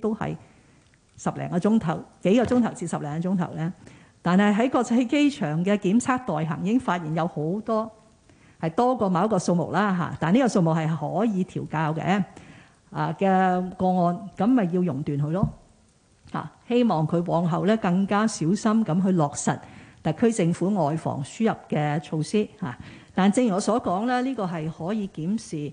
都係十零個鐘頭，幾個鐘頭至十零個鐘頭咧。但係喺國際機場嘅檢測代行，已經發現有好多係多過某一個數目啦吓。但呢個數目係可以調校嘅啊，嘅個案，咁咪要熔斷佢咯啊！希望佢往後咧更加小心咁去落實特區政府外防輸入嘅措施吓，啊。但正如我所講咧，呢個係可以檢視。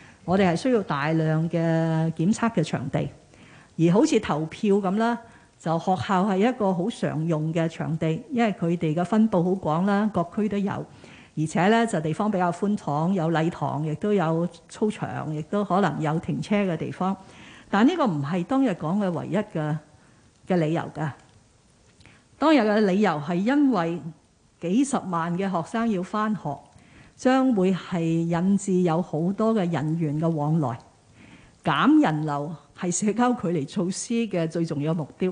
我哋係需要大量嘅檢測嘅場地，而好似投票咁啦，就學校係一個好常用嘅場地，因為佢哋嘅分佈好廣啦，各區都有，而且咧就地方比較寬敞，有禮堂，亦都有操場，亦都可能有停車嘅地方。但呢個唔係當日講嘅唯一嘅嘅理由㗎。當日嘅理由係因為幾十萬嘅學生要返學。將會係引致有好多嘅人員嘅往來，減人流係社交距離措施嘅最重要目標。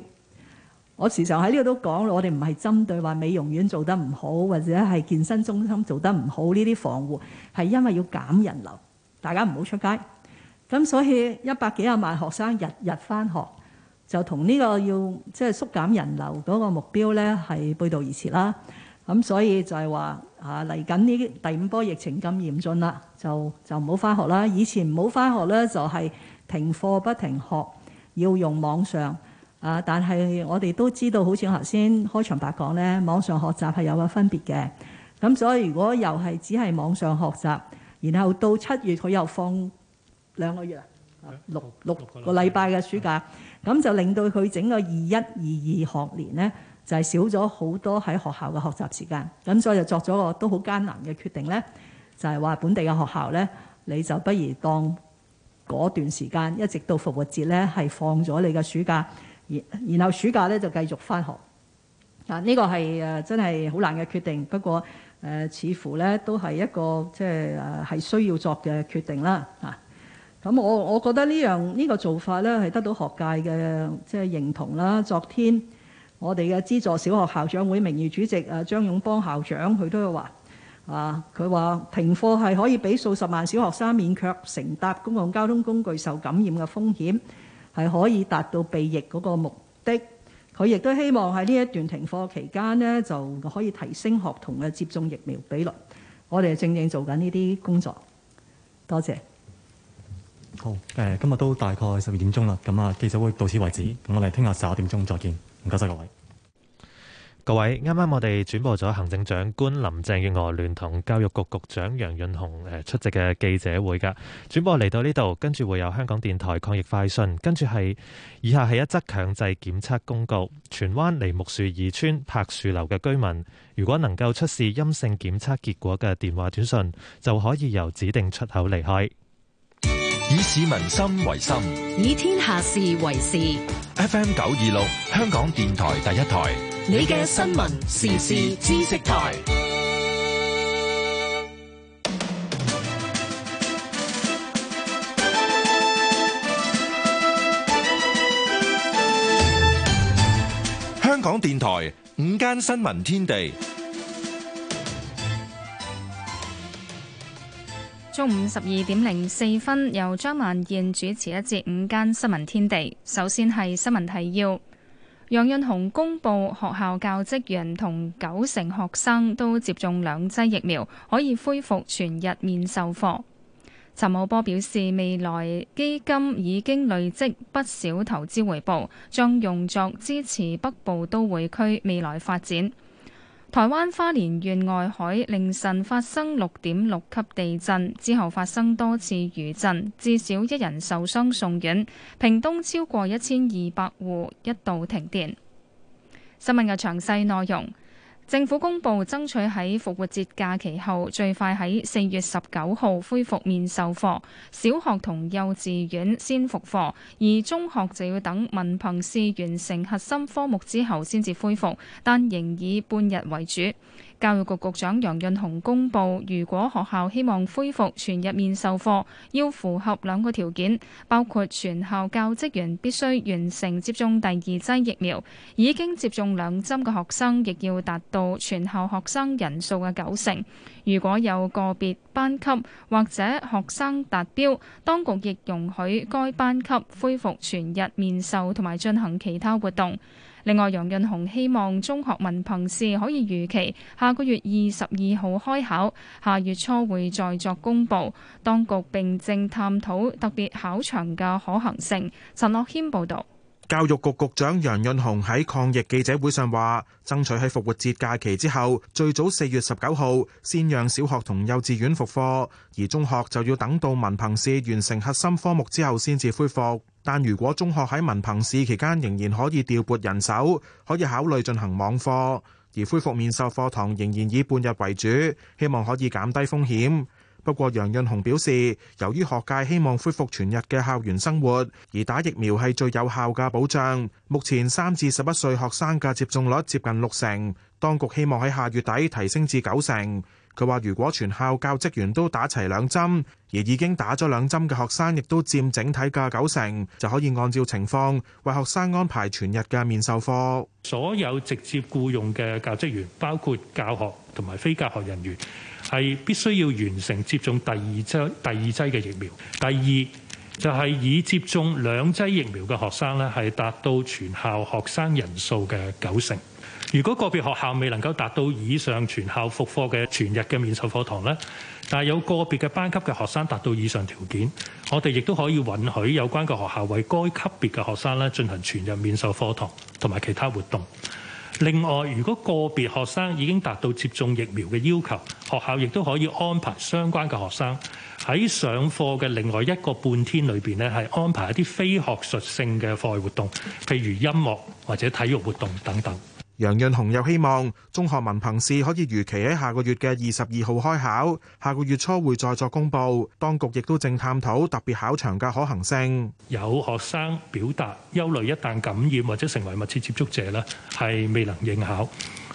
我時常喺呢度都講，我哋唔係針對話美容院做得唔好，或者係健身中心做得唔好呢啲防護，係因為要減人流，大家唔好出街。咁所以一百幾廿萬學生日日返學，就同呢個要即係縮減人流嗰個目標呢係背道而馳啦。咁所以就係話。啊！嚟緊呢啲第五波疫情咁嚴峻啦，就就唔好返學啦。以前唔好返學咧，就係停課不停學，要用網上。啊！但係我哋都知道，好似我頭先開場白講咧，網上學習係有個分別嘅。咁所以如果又係只係網上學習，然後到七月佢又放兩個月啊，六六個禮拜嘅暑假，咁、嗯、就令到佢整個二一二二學年呢，就係、是、少咗好多喺學校嘅學習時間。咁所以就作咗個都好艱難嘅決定呢，就係、是、話本地嘅學校呢，你就不如當嗰段時間一直到復活節呢，係放咗你嘅暑假，然然後暑假呢，就繼續翻學。啊，呢、這個係誒、啊、真係好難嘅決定，不過誒、呃、似乎呢，都係一個即係係、啊、需要作嘅決定啦。啊。咁我我覺得呢樣呢個做法咧係得到學界嘅即係認同啦。昨天我哋嘅資助小學校長會名譽主席啊張勇邦校長，佢都有話啊，佢話停課係可以俾數十萬小學生免卻乘搭公共交通工具受感染嘅風險，係可以達到避疫嗰個目的。佢亦都希望喺呢一段停課期間呢，就可以提升學童嘅接種疫苗比率。我哋正正做緊呢啲工作。多謝。好，誒，今日都大概十二點鐘啦，咁啊，記者會到此為止，咁、嗯、我哋聽日十二點鐘再見，唔該晒各位。各位，啱啱我哋轉播咗行政長官林鄭月娥聯同教育局局長楊潤雄誒出席嘅記者會噶，轉播嚟到呢度，跟住會有香港電台抗疫快訊，跟住係以下係一則強制檢測公告：荃灣梨木樹二村柏樹樓嘅居民，如果能夠出示陰性檢測結果嘅電話短信，就可以由指定出口離開。市民心為心，以天下事為事。FM 九二六，香港電台第一台，你嘅新聞時事知識台。香港電台午間新聞天地。中午十二點零四分，由張曼燕主持一節午間新聞天地。首先係新聞提要：楊潤雄公布學校教職員同九成學生都接種兩劑疫苗，可以恢復全日面授課。陳茂波表示，未來基金已經累積不少投資回報，將用作支持北部都會區未來發展。台灣花蓮縣外海凌晨發生六點六級地震，之後發生多次餘震，至少一人受傷送院。屏東超過一千二百戶一度停電。新聞嘅詳細內容。政府公布爭取喺復活節假期後最快喺四月十九號恢復面授課，小學同幼稚園先復課，而中學就要等文憑試完成核心科目之後先至恢復，但仍以半日為主。教育局局長楊潤雄公布，如果學校希望恢復全日面授課，要符合兩個條件，包括全校教職員必須完成接種第二劑疫苗，已經接種兩針嘅學生亦要達到全校學生人數嘅九成。如果有個別班級或者學生達標，當局亦容許該班級恢復全日面授同埋進行其他活動。另外，楊潤雄希望中學文憑試可以預期下個月二十二號開考，下月初會再作公布，當局並正探討特別考場嘅可行性。陳樂謙報道。教育局局長楊潤雄喺抗疫記者會上話，爭取喺復活節假期之後，最早四月十九號先讓小學同幼稚園復課，而中學就要等到文憑試完成核心科目之後先至恢復。但如果中學喺文憑試期間仍然可以調撥人手，可以考慮進行網課，而恢復面授課堂仍然以半日為主，希望可以減低風險。不過，楊潤雄表示，由於學界希望恢復全日嘅校園生活，而打疫苗係最有效嘅保障。目前三至十一歲學生嘅接種率接近六成，當局希望喺下月底提升至九成。佢話，如果全校教職員都打齊兩針，而已經打咗兩針嘅學生亦都佔整體嘅九成，就可以按照情況為學生安排全日嘅面授課。所有直接僱用嘅教職員，包括教學同埋非教學人員。係必須要完成接種第二劑第二劑嘅疫苗。第二就係、是、已接種兩劑疫苗嘅學生咧，係達到全校學生人數嘅九成。如果個別學校未能夠達到以上全校復課嘅全日嘅面授課堂咧，但係有個別嘅班級嘅學生達到以上條件，我哋亦都可以允許有關嘅學校為該級別嘅學生咧進行全日面授課堂同埋其他活動。另外，如果個別學生已經達到接種疫苗嘅要求，學校亦都可以安排相關嘅學生喺上課嘅另外一個半天裏邊咧，係安排一啲非學術性嘅課外活動，譬如音樂或者體育活動等等。楊潤雄又希望中學文憑試可以如期喺下個月嘅二十二號開考，下個月初會再作公布。當局亦都正探討特別考場嘅可行性。有學生表達憂慮，一旦感染或者成為密切接觸者呢係未能應考。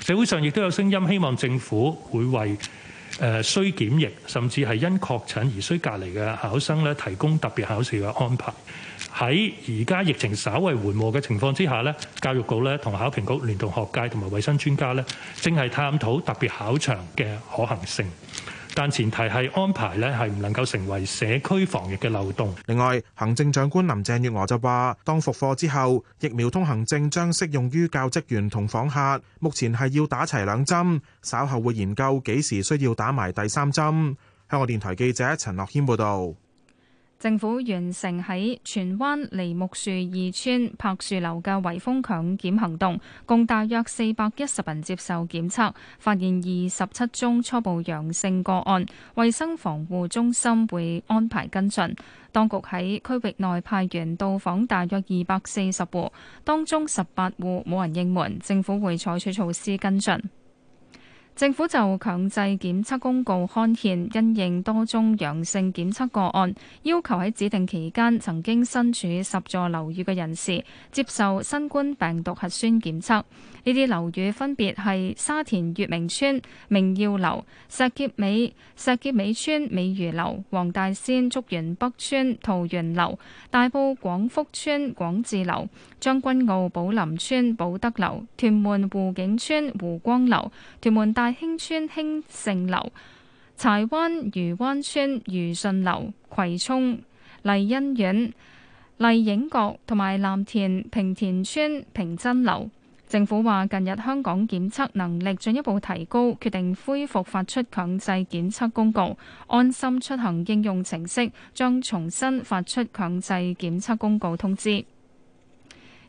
社會上亦都有聲音希望政府會為。誒、呃、需檢疫，甚至係因確診而需隔離嘅考生咧，提供特別考試嘅安排。喺而家疫情稍為緩和嘅情況之下咧，教育局咧同考評局聯同學界同埋衞生專家咧，正係探討特別考場嘅可行性。但前提係安排咧係唔能夠成為社區防疫嘅漏洞。另外，行政長官林鄭月娥就話：當復課之後，疫苗通行證將適用於教職員同訪客。目前係要打齊兩針，稍後會研究幾時需要打埋第三針。香港電台記者陳樂軒報導。政府完成喺荃灣梨木樹二村柏樹樓嘅圍封強檢行動，共大約四百一十人接受檢測，發現二十七宗初步陽性個案，衛生防護中心會安排跟進。當局喺區域內派員到訪大約二百四十戶，當中十八戶冇人應門，政府會採取措施跟進。政府就強制檢測公告刊憲，因應多宗陽性檢測個案，要求喺指定期間曾經身處十座樓宇嘅人士接受新冠病毒核酸檢測。呢啲樓宇分別係沙田月明村、明耀樓、石硤尾、石硤尾村、美如樓、黃大仙竹園北村、桃園樓、大埔廣福村、廣智樓。將軍澳寶林村寶德樓、屯門湖景村湖光樓、屯門大興村興盛樓、柴灣漁灣村漁順樓、葵涌麗欣苑、麗影閣同埋藍田平田村平真樓。政府話近日香港檢測能力進一步提高，決定恢復發出強制檢測公告。安心出行應用程式將重新發出強制檢測公告通知。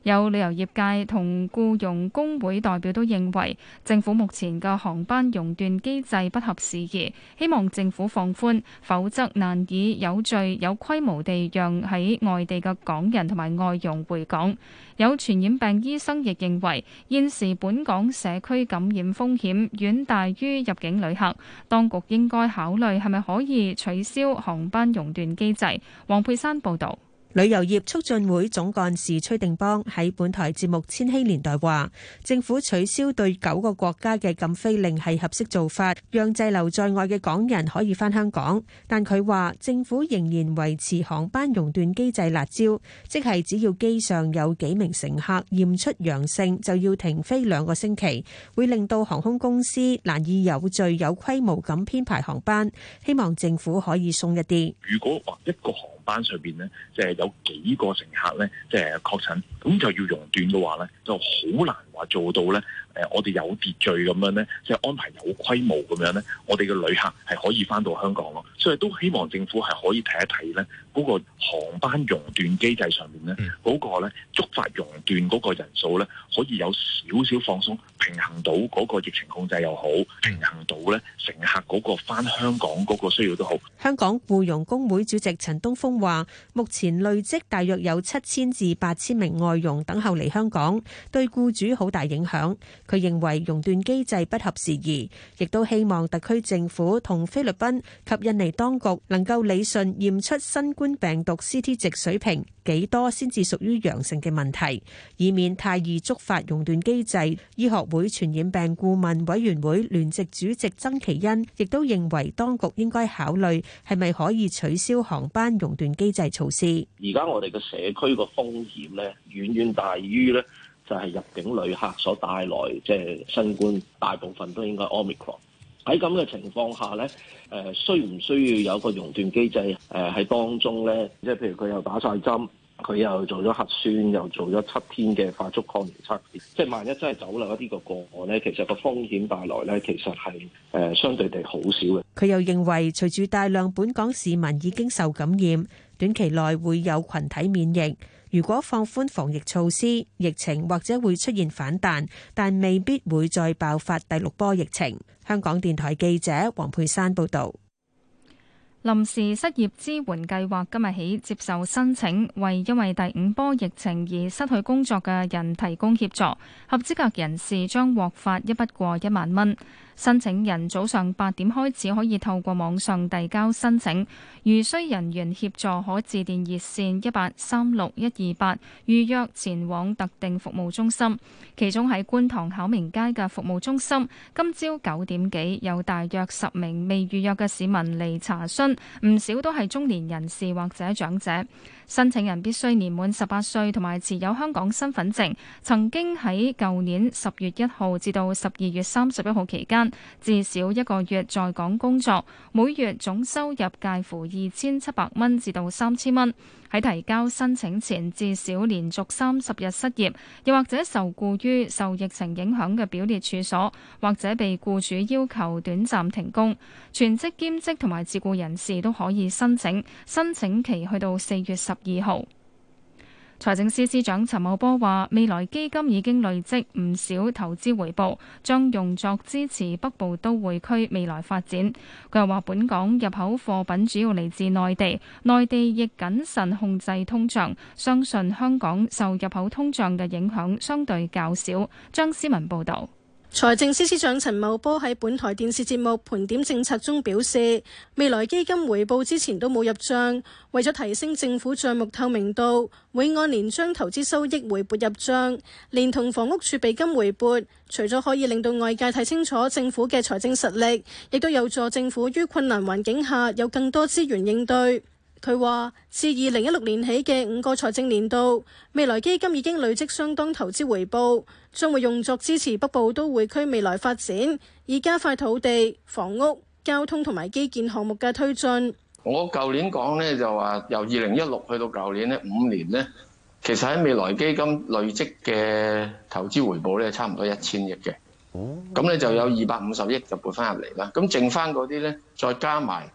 有旅遊業界同僱傭工會代表都認為，政府目前嘅航班熔斷機制不合時宜，希望政府放寬，否則難以有序、有規模地讓喺外地嘅港人同埋外傭回港。有傳染病醫生亦認為，現時本港社區感染風險遠大於入境旅客，當局應該考慮係咪可以取消航班熔斷機制。黃佩珊報導。旅遊業促進會總幹事崔定邦，喺本台節目千禧年代話，政府取消對九個國家的禁飛令，是合適做法，讓滯留在外的港人可以返香港。但佢話，政府仍然維持航班熔斷機制辣招，即係只要機上有幾名乘客驗出陽性，就要停飛兩個星期，會令到航空公司難以有序、有規模咁編排航班，希望政府可以鬆一啲。如果話一個...班上邊咧，即係有幾個乘客咧，即係確診咁就要熔斷嘅話咧，就好難話做到咧。誒，我哋有秩序咁樣呢，即係安排有規模咁樣呢，我哋嘅旅客係可以翻到香港咯。所以都希望政府係可以睇一睇呢嗰個航班熔斷機制上面呢，嗰個呢觸發熔斷嗰個人數呢，可以有少少放鬆，平衡到嗰個疫情控制又好，平衡到呢乘客嗰個翻香港嗰個需要都好。香港雇傭工會主席陳東峰話：目前累積大約有七千至八千名外傭等候嚟香港，對僱主好大影響。佢認為熔斷機制不合時宜，亦都希望特區政府同菲律賓及印尼當局能夠理順驗出新冠病毒 CT 值水平幾多先至屬於陽性嘅問題，以免太易觸發熔斷機制。醫學會傳染病顧問委員會聯席主席曾其恩亦都認為，當局應該考慮係咪可以取消航班熔斷機制措施。而家我哋嘅社區個風險呢，遠遠大於呢。就係入境旅客所帶來即係新冠，大部分都應該 omicron。喺咁嘅情況下咧，誒需唔需要有個熔斷機制？誒喺當中咧，即係譬如佢又打晒針，佢又做咗核酸，又做咗七天嘅快速抗原測試。即係萬一真係走漏一啲個個案咧，其實個風險帶來咧，其實係誒相對地好少嘅。佢又認為，隨住大量本港市民已經受感染，短期內會有群體免疫。如果放寬防疫措施，疫情或者會出現反彈，但未必會再爆發第六波疫情。香港電台記者黃佩珊報道。臨時失業支援計劃今日起接受申請，為因為第五波疫情而失去工作嘅人提供協助。合資格人士將獲發一筆過一萬蚊。申請人早上八點開始可以透過網上遞交申請，如需人員協助，可致電熱線一八三六一二八預約前往特定服務中心。其中喺觀塘考明街嘅服務中心，今朝九點幾有大約十名未預約嘅市民嚟查詢。唔少都係中年人士或者長者。申請人必須年滿十八歲，同埋持有香港身份證，曾經喺舊年十月一號至到十二月三十一號期間至少一個月在港工作，每月總收入介乎二千七百蚊至到三千蚊。喺提交申請前至少連續三十日失業，又或者受雇於受疫情影響嘅表列處所，或者被僱主要求短暫停工、全職兼職同埋自僱人士。事都可以申請，申請期去到四月十二號。財政司司長陳茂波話：未來基金已經累積唔少投資回報，將用作支持北部都會區未來發展。佢又話：本港入口貨品主要嚟自內地，內地亦謹慎控制通脹，相信香港受入口通脹嘅影響相對較少。張思文報道。財政司司長陳茂波喺本台電視節目盤點政策中表示，未來基金回報之前都冇入賬，為咗提升政府賬目透明度，會按年將投資收益回撥入賬，連同房屋儲備金回撥，除咗可以令到外界睇清楚政府嘅財政實力，亦都有助政府於困難環境下有更多資源應對。佢話：自二零一六年起嘅五個財政年度，未來基金已經累積相當投資回報，將會用作支持北部都會區未來發展，以加快土地、房屋、交通同埋基建項目嘅推進。我舊年講咧就話，由二零一六去到舊年呢五年呢，其實喺未來基金累積嘅投資回報咧，差唔多一千億嘅。咁咧就有二百五十億就撥翻入嚟啦。咁剩翻嗰啲咧，再加埋。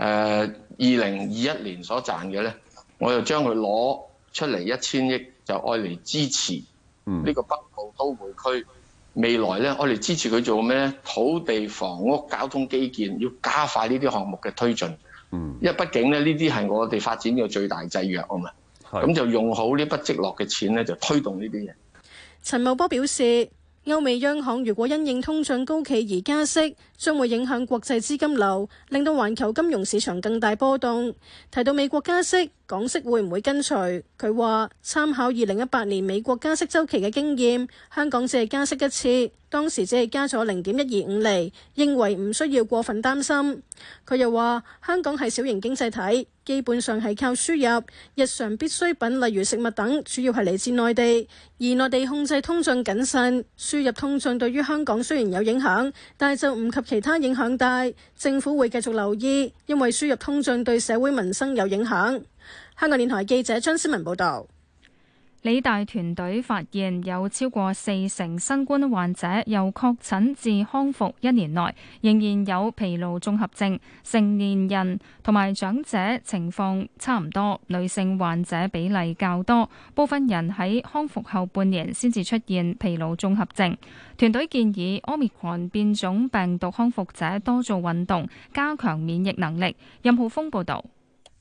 誒，二零二一年所賺嘅咧，我就將佢攞出嚟一千億，就愛嚟支持呢個北部都會區未來咧，愛嚟支持佢做咩咧？土地、房屋、交通、基建，要加快呢啲項目嘅推進。嗯，因為畢竟咧，呢啲係我哋發展嘅最大制約啊嘛。係的，咁就用好呢筆積落嘅錢咧，就推動呢啲嘢。陳茂波表示。歐美央行如果因應通脹高企而加息，將會影響國際資金流，令到環球金融市場更大波動。提到美國加息，港息會唔會跟隨？佢話參考二零一八年美國加息周期嘅經驗，香港只係加息一次。當時只係加咗零點一二五厘，認為唔需要過分擔心。佢又話：香港係小型經濟體，基本上係靠輸入日常必需品，例如食物等，主要係嚟自內地。而內地控制通脹謹慎，輸入通脹對於香港雖然有影響，但係就唔及其他影響大。政府會繼續留意，因為輸入通脹對社會民生有影響。香港電台記者張思文報道。理大團隊發現有超過四成新冠患者由確診至康復一年內仍然有疲勞綜合症，成年人同埋長者情況差唔多，女性患者比例較多，部分人喺康復後半年先至出現疲勞綜合症。團隊建議 Omicron 變種病毒康復者多做運動，加強免疫能力。任浩峰報導。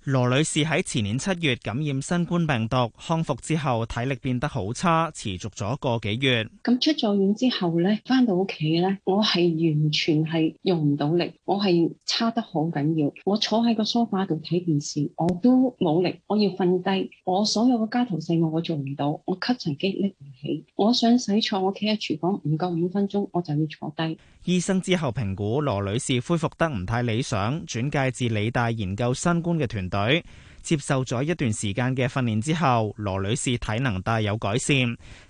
羅女士喺前年七月感染新冠病毒康復之後，體力變得好差，持續咗個幾月。咁出咗院之後咧，翻到屋企咧，我係完全係用唔到力，我係差得好緊要。我坐喺個梳化度睇電視，我都冇力，我要瞓低。我所有嘅家頭細務，我做唔到，我吸塵機拎唔起。我想洗菜，我企喺廚房唔夠五分鐘，我就要坐低。醫生之後評估羅女士恢復得唔太理想，轉介至理大研究新冠嘅團隊接受咗一段時間嘅訓練之後，羅女士體能大有改善。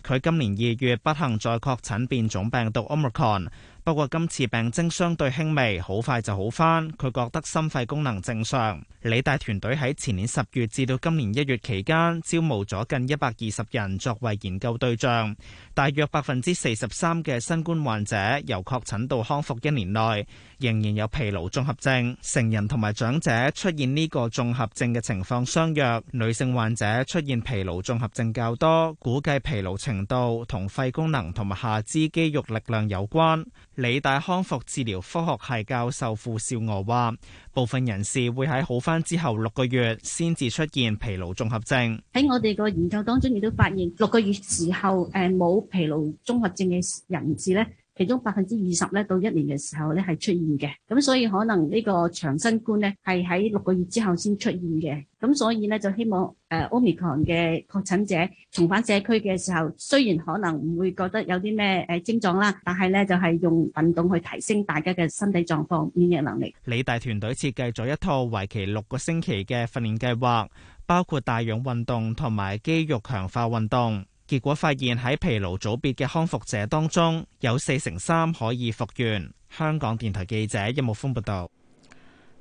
佢今年二月不幸再確診變種病毒 Omicron。不過今次病徵相對輕微，好快就好返。佢覺得心肺功能正常。理大團隊喺前年十月至到今年一月期間，招募咗近一百二十人作為研究對象。大約百分之四十三嘅新冠患者由確診到康復一年內，仍然有疲勞綜合症。成人同埋長者出現呢個綜合症嘅情況相若，女性患者出現疲勞綜合症較多。估計疲勞程度同肺功能同埋下肢肌肉力量有關。理大康復治療科學系教授傅少娥話，部分人士會喺好返之後六個月先至出現疲勞綜合症。喺我哋個研究當中，亦都發現六個月時候，誒冇疲勞綜合症嘅人士咧，其中百分之二十咧，到一年嘅時候咧係出現嘅，咁所以可能呢個長新冠呢，係喺六個月之後先出現嘅，咁所以呢，就希望誒 Omicron 嘅確診者重返社區嘅時候，雖然可能唔會覺得有啲咩誒症狀啦，但係呢，就係用運動去提升大家嘅身體狀況、免疫能力。理大團隊設計咗一套為期六個星期嘅訓練計劃，包括帶氧運動同埋肌肉強化運動。結果發現喺疲勞組別嘅康復者當中，有四成三可以復原。香港電台記者一木豐報導。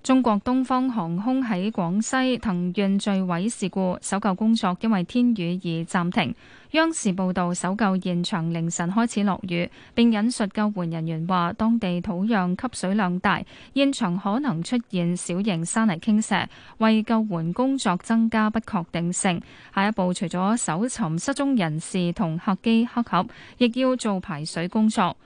中國東方航空喺廣西藤縣墜毀事故搜救工作因為天雨而暫停。央視報道，搜救現場凌晨開始落雨，並引述救援人員話，當地土壤吸水量大，現場可能出現小型山泥傾瀉，為救援工作增加不確定性。下一步除咗搜尋失蹤人士同客機黑盒，亦要做排水工作。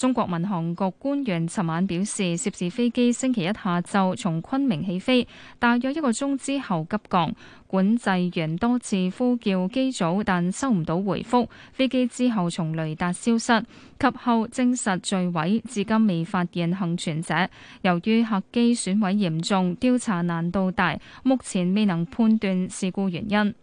中國民航局官員尋晚表示，涉事飛機星期一下晝從昆明起飛，大約一個鐘之後急降，管制員多次呼叫機組，但收唔到回覆。飛機之後從雷達消失，及後證實墜毀，至今未發現幸存者。由於客機損毀嚴重，調查難度大，目前未能判斷事故原因。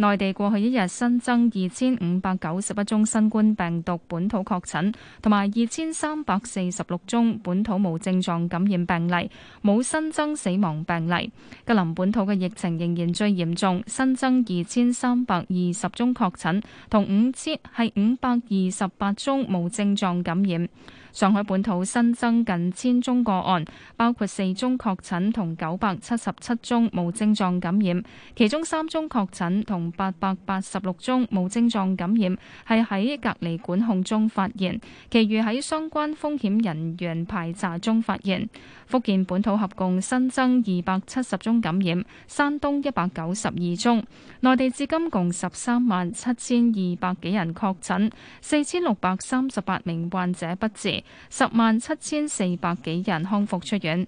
內地過去一日新增二千五百九十一宗新冠病毒本土確診，同埋二千三百四十六宗本土無症狀感染病例，冇新增死亡病例。吉林本土嘅疫情仍然最嚴重，新增二千三百二十宗確診，同五千係五百二十八宗無症狀感染。上海本土新增近千宗個案，包括四宗確診同九百七十七宗無症狀感染，其中三宗確診同八百八十六宗無症狀感染係喺隔離管控中發現，其餘喺相關風險人員排查中發現。福建本土合共新增二百七十宗感染，山東一百九十二宗。內地至今共十三萬七千二百幾人確診，四千六百三十八名患者不治。十萬七千四百幾人康復出院。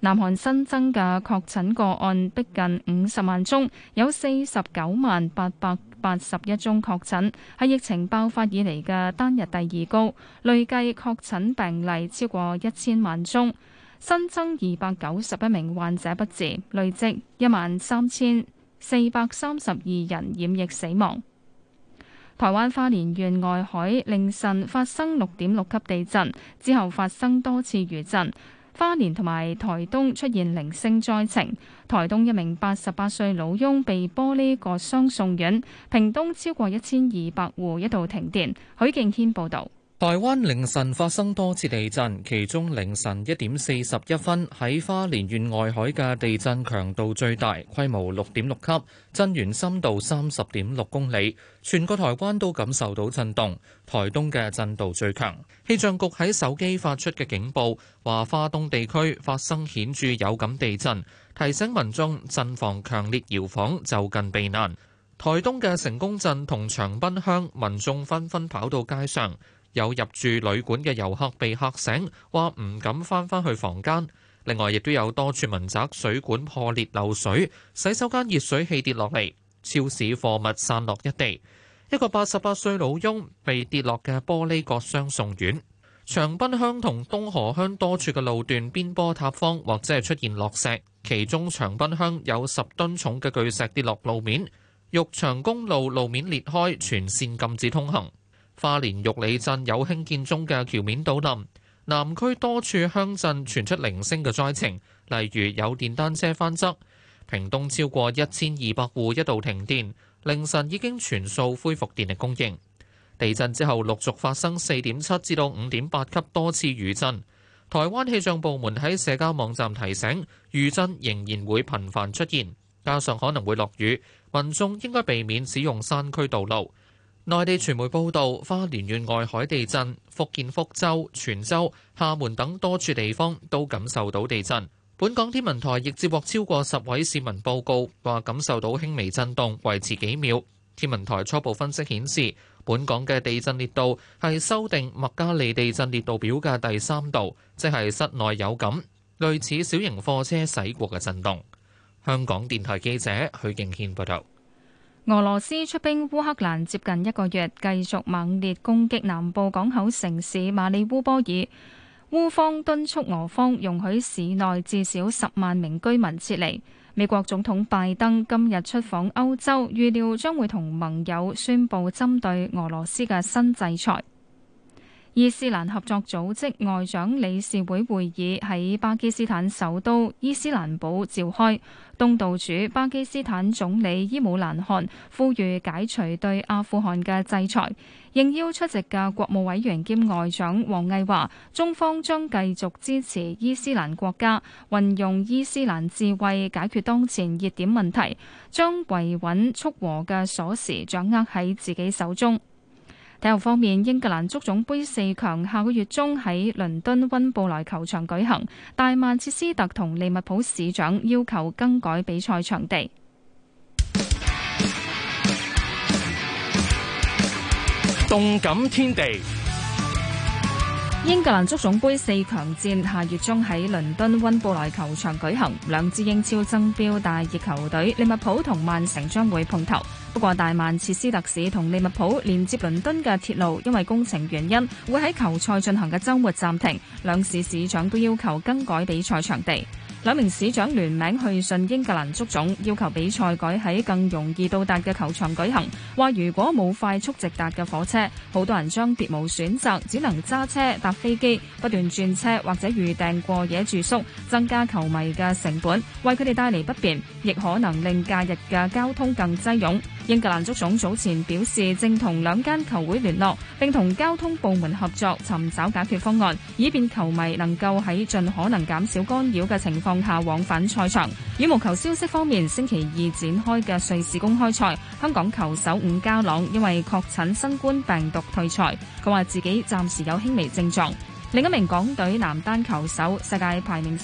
南韓新增嘅確診個案逼近五十萬宗，有四十九萬八百八十一宗確診，係疫情爆發以嚟嘅單日第二高。累計確診病例超過一千萬宗，新增二百九十一名患者不治，累積一萬三千四百三十二人染疫死亡。台灣花蓮縣外海凌晨發生六點六級地震，之後發生多次餘震。花蓮同埋台東出現零星災情，台東一名八十八歲老翁被玻璃割傷送院，屏東超過一千二百戶一度停電。許敬軒報道。台灣凌晨發生多次地震，其中凌晨一點四十一分喺花蓮縣外海嘅地震強度最大，規模六點六級，震源深度三十點六公里，全個台灣都感受到震動。台東嘅震度最強。氣象局喺手機發出嘅警報話，花東地區發生顯著有感地震，提醒民眾慎防強烈搖晃，就近避難。台東嘅成功鎮同長濱鄉民眾紛紛跑到街上。有入住旅館嘅遊客被嚇醒，話唔敢翻返去房間。另外，亦都有多處民宅水管破裂漏水，洗手間熱水器跌落嚟，超市貨物散落一地。一個八十八歲老翁被跌落嘅玻璃割傷送院。長濱鄉同東河鄉多處嘅路段邊坡塌方，或者係出現落石，其中長濱鄉有十噸重嘅巨石跌落路面。玉長公路路面裂開，全線禁止通行。花蓮玉里鎮有興建中嘅橋面倒冧，南區多處鄉鎮傳出零星嘅災情，例如有電單車翻側。屏東超過一千二百戶一度停電，凌晨已經全數恢復電力供應。地震之後陸續發生四點七至到五點八級多次餘震。台灣氣象部門喺社交網站提醒，餘震仍然會頻繁出現，加上可能會落雨，民眾應該避免使用山區道路。內地傳媒報道，花蓮縣外海地震，福建福州、泉州、廈門等多處地方都感受到地震。本港天文台亦接獲超過十位市民報告，話感受到輕微震動，維持幾秒。天文台初步分析顯示，本港嘅地震烈度係修訂麥加利地震烈度表嘅第三度，即係室內有感，類似小型貨車駛過嘅震動。香港電台記者許敬軒報道。俄羅斯出兵烏克蘭接近一個月，繼續猛烈攻擊南部港口城市馬里烏波爾。烏方敦促俄方容許市內至少十萬名居民撤離。美國總統拜登今日出訪歐洲，預料將會同盟友宣布針對俄羅斯嘅新制裁。伊斯蘭合作組織外長理事會會議喺巴基斯坦首都伊斯蘭堡召開。東道主巴基斯坦總理伊姆蘭汗呼籲解除對阿富汗嘅制裁。應邀出席嘅國務委員兼外長王毅話：中方將繼續支持伊斯蘭國家運用伊斯蘭智慧解決當前熱點問題，將維穩促和嘅鎖匙，掌握喺自己手中。體育方面，英格蘭足總杯四強下個月中喺倫敦温布萊球場舉行，大曼徹斯特同利物浦市長要求更改比賽場地。動感天地。英格蘭足總杯四強戰下月中喺倫敦温布萊球場舉行，兩支英超爭標大熱球隊利物浦同曼城將會碰頭。不過大曼徹斯特市同利物浦連接倫敦嘅鐵路因為工程原因會喺球賽進行嘅周末暫停，兩市市長都要求更改比賽場地。兩名市長聯名去信英格蘭足總，要求比賽舉喺更容易到達嘅球場舉行。話如果冇快速直達嘅火車，好多人將別無選擇，只能揸車搭飛機，不斷轉車或者預訂過夜住宿，增加球迷嘅成本，為佢哋帶嚟不便，亦可能令假日嘅交通更擠擁。英格蘭足總早前表示正同兩間球會聯絡，並同交通部門合作，尋找解決方案，以便球迷能夠喺盡可能減少干擾嘅情況下往返賽場。羽毛球消息方面，星期二展開嘅瑞士公開賽香港球手伍嘉朗因為確診新冠病毒退賽，佢話自己暫時有輕微症狀。另一名港隊男單球手世界排名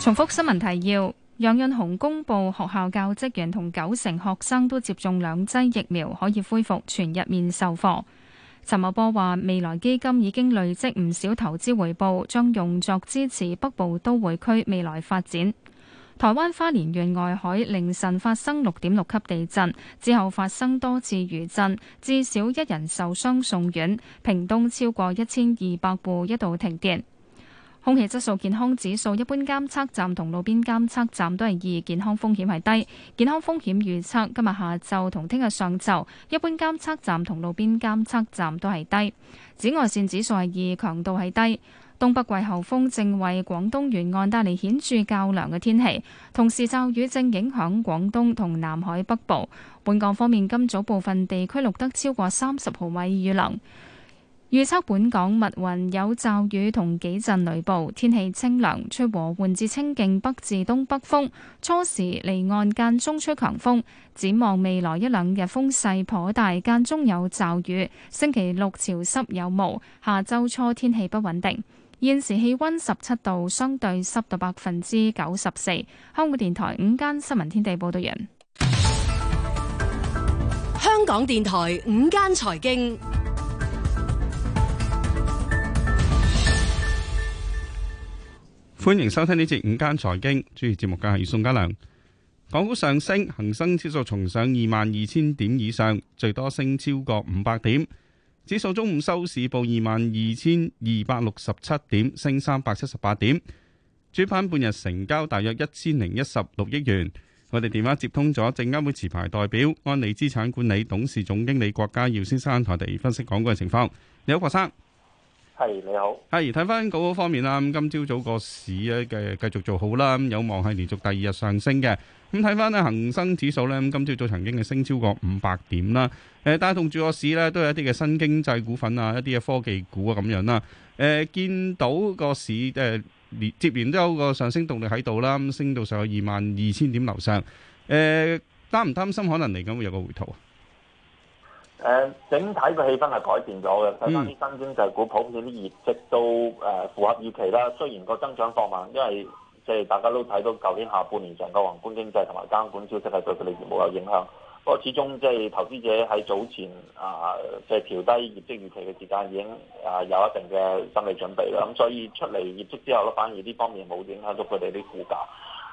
重複新聞提要：楊潤雄公布學校教職員同九成學生都接種兩劑疫苗，可以恢復全日面授課。陳茂波話，未來基金已經累積唔少投資回報，將用作支持北部都會區未來發展。台灣花蓮縣外海凌晨發生六點六級地震之後，發生多次餘震，至少一人受傷送院。屏東超過一千二百戶一度停電。空氣質素健康指數，一般監測站同路邊監測站都係二，健康風險係低。健康風險預測今日下晝同聽日上晝，一般監測站同路邊監測站都係低。紫外線指數係二，強度係低。東北季候風正為廣東沿岸帶嚟顯著較涼嘅天氣，同時驟雨正影響廣東同南海北部。本港方面，今早部分地區錄得超過三十毫米雨量。預測本港密雲有驟雨同幾陣雷暴，天氣清涼，吹和緩至清勁北至東北風，初時離岸間中吹強風。展望未來一兩日風勢頗大，間中有驟雨。星期六潮濕有霧，下周初天氣不穩定。現時氣溫十七度，相對濕度百分之九十四。香港電台午間新聞天地報道人。香港電台午間財經。歡迎收聽呢節午間財經，主持節目嘅係宋家良。港股上升，恒生指數重上二萬二千點以上，最多升超過五百點。指數中午收市報二萬二千二百六十七點，升三百七十八點。主板半日成交大約一千零一十六億元。我哋電話接通咗證監會持牌代表安利資產管理董事總經理郭家耀先生台地分析港股嘅情況。你好，郭生。係你好，係睇翻港股方面啦。咁今朝早個市嘅繼續做好啦，咁有望係連續第二日上升嘅。咁睇翻咧恒生指數咧，咁今朝早曾經係升超過五百點啦。誒，帶動住個市咧都有一啲嘅新經濟股份啊，一啲嘅科技股啊咁樣啦。誒，見到個市誒連接連都有個上升動力喺度啦，咁升到上去二萬二千點樓上。誒，擔唔擔心可能嚟緊會有個回吐啊？誒，uh，整體嘅氣氛係改變咗嘅，睇翻啲新經濟股普遍啲業績都誒、呃、符合預期啦。雖然個增長放慢，因為即係、就是、大家都睇到舊年下半年成個宏觀經濟同埋監管消息係對佢哋冇有影響。不過始終即係投資者喺早前啊，即係調低業績預期嘅時間已經啊、呃、有一定嘅心理準備啦。咁、嗯、所以出嚟業績之後咧，反而呢方面冇影響到佢哋啲股價。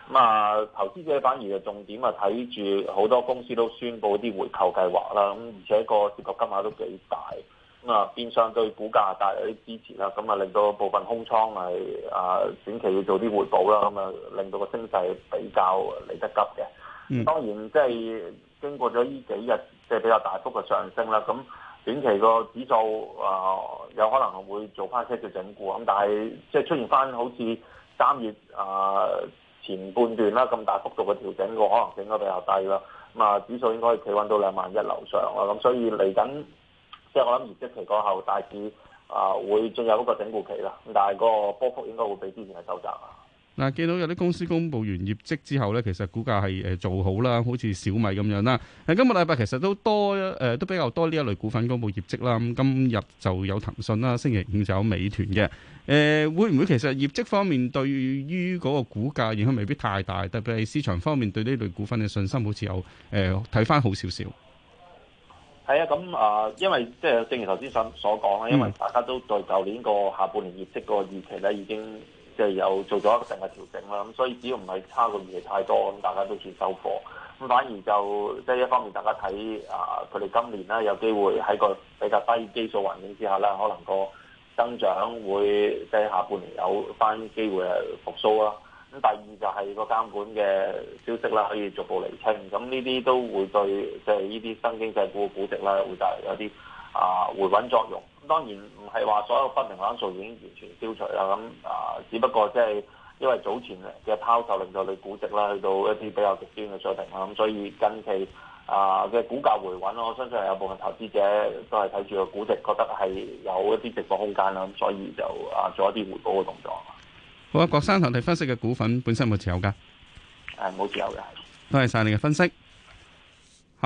咁啊，投資者反而啊重點啊睇住好多公司都宣布啲回購計劃啦，咁、啊、而且個涉及金額都幾大，咁啊變相對股價帶嚟啲支持啦，咁啊令到部分空倉係啊短期要做啲回補啦，咁啊令到個升勢比較嚟得急嘅。嗯。當然即係經過咗呢幾日即係比較大幅嘅上升啦，咁、啊、短期個指數啊有可能會做翻一啲嘅整固，咁、啊、但係即係出現翻好似三月啊～前半段啦，咁大幅度嘅調整，個可能性都比較低啦。咁、嗯、啊，指數應該企穩到兩萬一樓上啊。咁、嗯、所以嚟緊，即、就、係、是、我諗業績期過後，大致啊、呃、會進入嗰個整固期啦。咁但係個波幅應該會比之前係收窄啊。嗱，見到有啲公司公布完業績之後呢，其實股價係誒做好啦，好似小米咁樣啦。今個禮拜其實都多誒、呃，都比較多呢一類股份公布業績啦。咁今日就有騰訊啦，星期五就有美團嘅。誒、呃，會唔會其實業績方面對於嗰個股價，影響未必太大，特別係市場方面對呢類股份嘅信心好，呃、好似有誒睇翻好少少。係啊，咁啊，因為即係正如頭先所所講啦，因為大家都對舊年個下半年業績個預期呢已經。即係有做咗一定嘅調整啦，咁所以只要唔係差個預期太多，咁大家都算收貨，咁反而就即係、就是、一方面大家睇啊，佢哋今年啦有機會喺個比較低基數環境之下啦，可能個增長會即係、就是、下半年有翻機會係復甦啦。咁、啊、第二就係個監管嘅消息啦，可以逐步釐清，咁呢啲都會對即係呢啲新經濟股嘅估值啦，會帶嚟有啲啊回穩作用。當然唔係話所有不明朗因素已經完全消除啦，咁啊、呃，只不過即係因為早前嘅拋售令到你估值啦，去到一啲比較極端嘅水平啦，咁所以近期啊嘅、呃、股價回穩，我相信有部分投資者都係睇住個估值，覺得係有一啲直播空間啦，咁所以就啊做一啲回補嘅動作。好啊，郭生房地分析嘅股份本身冇持有噶？誒、啊，冇持有嘅。多謝晒你嘅分析。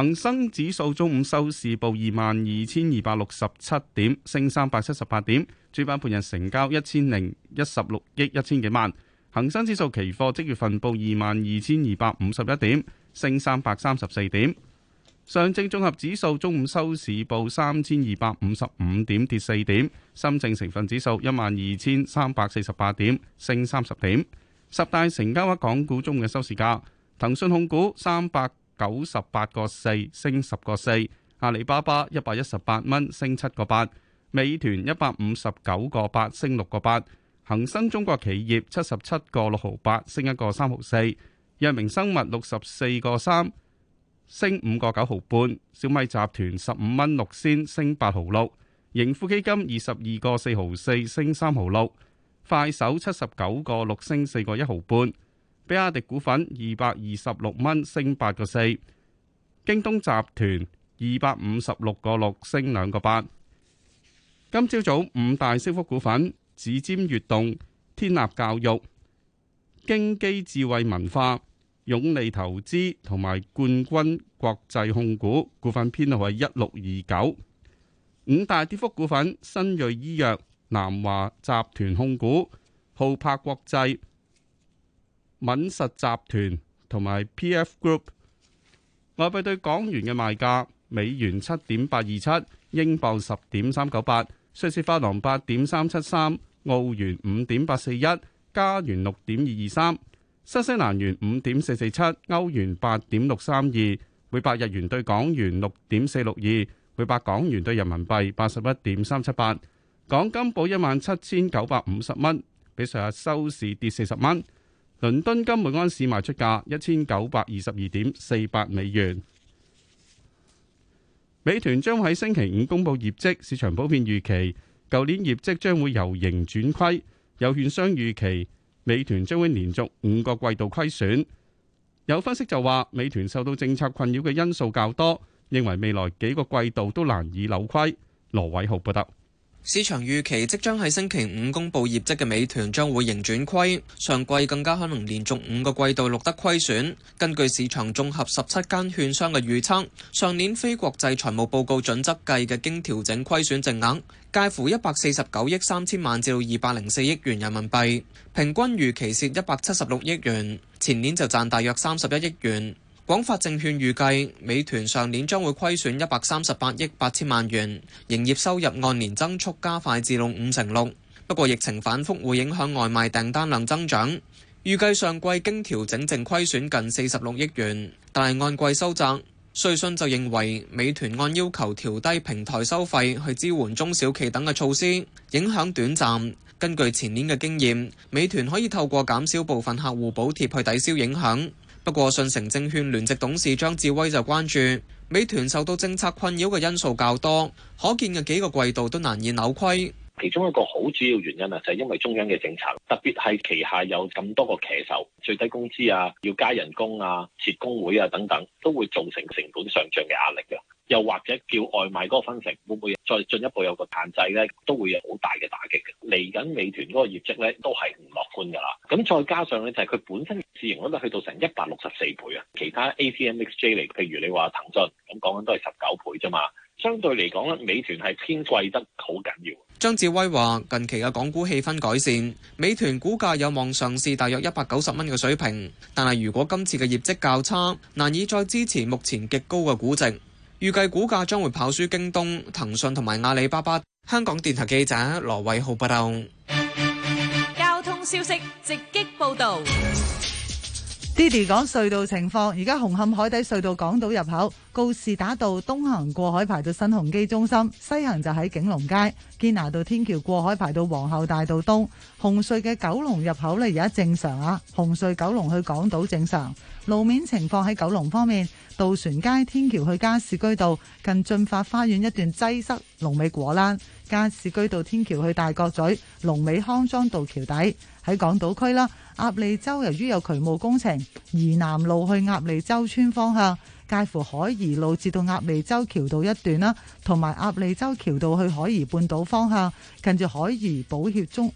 恒生指數中午收市報二萬二千二百六十七點，升三百七十八點。主板半日成交一千零一十六億一千幾萬。恒生指數期貨即月份報二萬二千二百五十一點，升三百三十四點。上證綜合指數中午收市報三千二百五十五點，跌四點。深證成分指數一萬二千三百四十八點，升三十點。十大成交額港股中嘅收市價，騰訊控股三百。九十八個四升十個四，阿里巴巴一百一十八蚊升七個八，美團一百五十九個八升六個八，恒生中國企業七十七個六毫八升一個三毫四，藥明生物六十四個三升五個九毫半，小米集團十五蚊六仙升八毫六，盈富基金二十二個四毫四升三毫六，快手七十九個六升四個一毫半。比亞迪股份二百二十六蚊升八個四，京東集團二百五十六個六升兩個八。今朝早，早五大升幅股份：指尖悅動、天立教育、京基智慧文化、永利投資同埋冠軍國際控股股份，編號係一六二九。五大跌幅股份：新銳醫藥、南華集團控股、浩柏國際。敏實集團同埋 PF Group，外幣對港元嘅賣價：美元七點八二七，英鎊十點三九八，瑞士法郎八點三七三，澳元五點八四一，加元六點二二三，新西蘭元五點四四七，歐元八點六三二，每百日元對港元六點四六二，每百港元對人民幣八十一點三七八，港金報一萬七千九百五十蚊，比上日收市跌四十蚊。倫敦金每安士賣出價一千九百二十二點四八美元。美團將喺星期五公布業績，市場普遍預期，舊年業績將會由盈轉虧。有券商預期，美團將會連續五個季度虧損。有分析就話，美團受到政策困擾嘅因素較多，認為未來幾個季度都難以扭虧。羅偉豪報導。市場預期即將喺星期五公布業績嘅美團將會盈轉虧，上季更加可能連續五個季度錄得虧損。根據市場綜合十七間券商嘅預測，上年非國際財務報告準則計嘅經調整虧損淨額介乎一百四十九億三千萬至二百零四億元人民幣，平均預期蝕一百七十六億元，前年就賺大約三十一億元。廣發證券預計，美團上年將會虧損一百三十八億八千萬元，營業收入按年增速加快至五成六。不過，疫情反覆會影響外賣訂單量增長，預計上季經調整淨虧損近四十六億元，但係按季收窄。瑞信就認為，美團按要求調低平台收費去支援中小企等嘅措施影響短暫，根據前年嘅經驗，美團可以透過減少部分客戶補貼去抵消影響。不過，信成，信誠證券聯席董事張志威就關注，美團受到政策困擾嘅因素較多，可見嘅幾個季度都難以扭虧。其中一個好主要原因啊，就係因為中央嘅政策，特別係旗下有咁多個騎手，最低工資啊，要加人工啊，設工會啊等等，都會造成成本上漲嘅壓力嘅。又或者叫外賣嗰個分成，會唔會再進一步有個限制咧？都會有好大嘅打擊嘅。嚟緊，美團嗰個業績咧都係唔樂觀㗎啦。咁再加上咧，就係佢本身市盈率去到成一百六十四倍啊。其他 A T M X J 嚟，譬如你話騰訊咁講緊都係十九倍啫嘛。相對嚟講咧，美團係偏貴得好緊要。張智威話：近期嘅港股氣氛改善，美團股價有望上市，大約一百九十蚊嘅水平。但係如果今次嘅業績較差，難以再支持目前極高嘅估值。預計股價將會跑輸京東、騰訊同埋阿里巴巴。香港電台記者羅偉浩報道。交通消息直擊報道。d i d 講隧道情況，而家紅磡海底隧道港島入口告士打道東行過海排到新鴻基中心，西行就喺景隆街堅拿道天橋過海排到皇后大道東。紅隧嘅九龍入口呢，而家正常啊，紅隧九龍去港島正常。路面情況喺九龍方面，渡船街天橋去加士居道近駿發花園一段擠塞，龍尾果欄，加士居道天橋去大角咀龍尾康莊道橋底。喺港島區啦，鴨脷洲由於有渠務工程，怡南路去鴨脷洲村方向，介乎海怡路至到鴨脷洲橋道一段啦，同埋鴨脷洲橋道去海怡半島方向，近住海怡寶血中、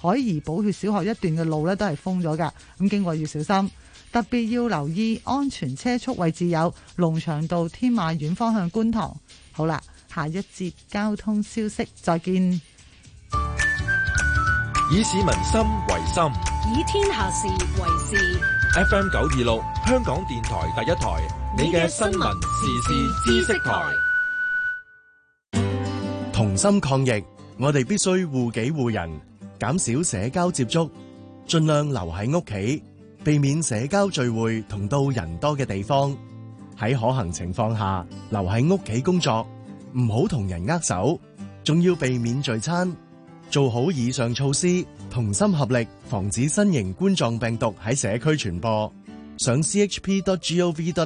海怡寶血小學一段嘅路呢都係封咗噶，咁經過要小心。特別要留意安全車速位置有龍翔道天馬苑方向觀塘。好啦，下一節交通消息，再見。以市民心為心，以天下事為事。F M 九二六，香港電台第一台，你嘅新聞時事知識台。同心抗疫，我哋必須護己護人，減少社交接觸，盡量留喺屋企。避免社交聚會同到人多嘅地方，喺可行情況下留喺屋企工作，唔好同人握手，仲要避免聚餐。做好以上措施，同心合力，防止新型冠狀病毒喺社區傳播。上 chp.gov